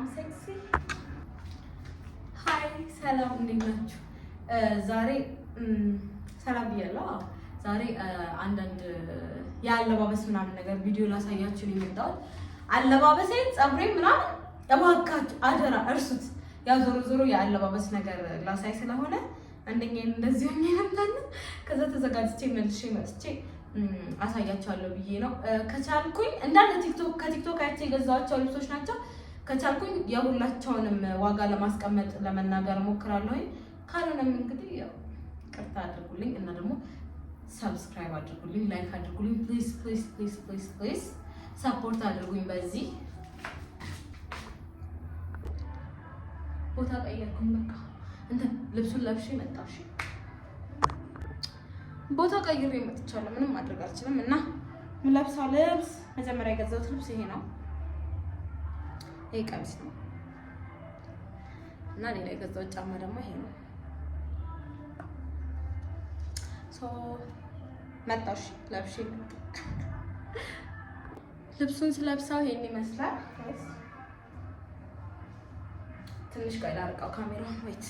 በጣም ሴክሲ። ሀይ ሰላም፣ እንዴት ናችሁ? ዛሬ ሰላም ብያለሁ። ዛሬ አንዳንድ የአለባበስ ምናምን ነገር ቪዲዮ ላሳያችሁ ነው የመጣሁት። አለባበሴ፣ ፀጉሬ ምናምን እባካችሁ አደራ እርሱት። ያው ዞሮ ዞሮ የአለባበስ ነገር ላሳይ ስለሆነ አንደኛ እንደዚህ የሚለምታለ ከዛ ተዘጋጅቼ መልሼ መጥቼ አሳያቸዋለሁ ብዬ ነው። ከቻልኩኝ እንዳለ ቲክቶክ ከቲክቶክ አይቼ የገዛኋቸው ልብሶች ናቸው። ከቻልኩኝ የሁላቸውንም ዋጋ ለማስቀመጥ ለመናገር እሞክራለሁኝ። ካልሆነም እንግዲህ ያው ቅርታ አድርጉልኝ እና ደግሞ ሰብስክራይብ አድርጉልኝ፣ ላይክ አድርጉልኝ። ፕሊዝ ፕሊዝ ፕሊዝ ፕሊዝ ፕሊዝ ሰፖርት አድርጉኝ። በዚህ ቦታ ቀየርኩኝ። በቃ እንትን ልብሱን ለብሼ መጣሽ። ቦታ ቀይሬ መጥቻለሁ። ምንም ማድረግ አልችልም እና ምን ለብሳ ልብስ መጀመሪያ የገዛሁት ልብስ ይሄ ነው። ይሄ ቀሚስ ነው እና ሌላ የገዛው ጫማ ደግሞ ይሄ ነው። መጣሽ ለብሽ ልብሱን ስለብሰው ይሄን ይመስላል። ትንሽ ቆይ ላርቀው ካሜራውን ወይት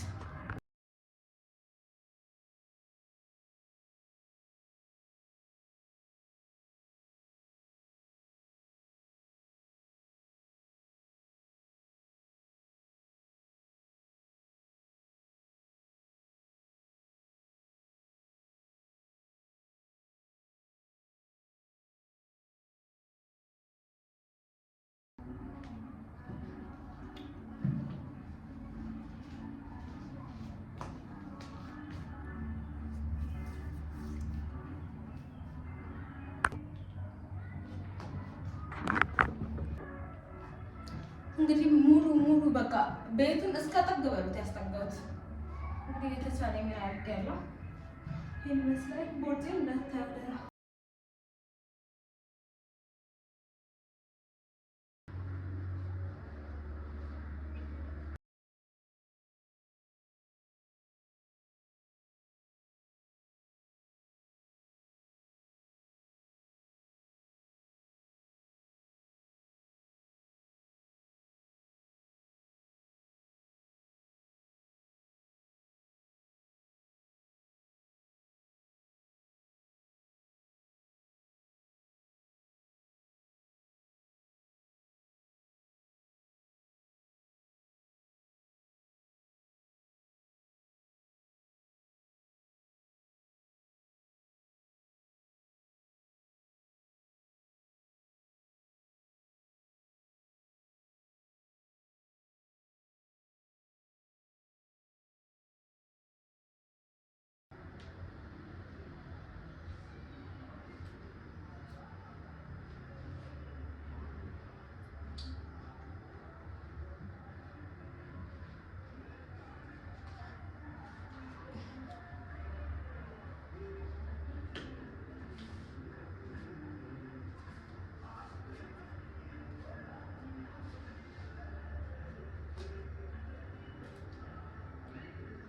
እንግዲህ ሙሉ ሙሉ በቃ ቤቱን እስከ ጠግ በሉት ያስጠጋሁት። እንግዲህ የተቻለ ሚራ ያለው ይህን መስላይ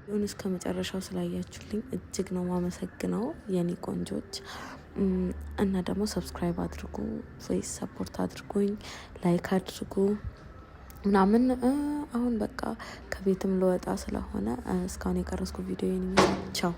ሆን እስከ መጨረሻው ስላያችሁልኝ እጅግ ነው ማመሰግነው የኔ ቆንጆች። እና ደግሞ ሰብስክራይብ አድርጉ፣ ፌስ ሰፖርት አድርጉኝ፣ ላይክ አድርጉ ምናምን። አሁን በቃ ከቤትም ልወጣ ስለሆነ እስካሁን የቀረስኩ ቪዲዮ ቻው።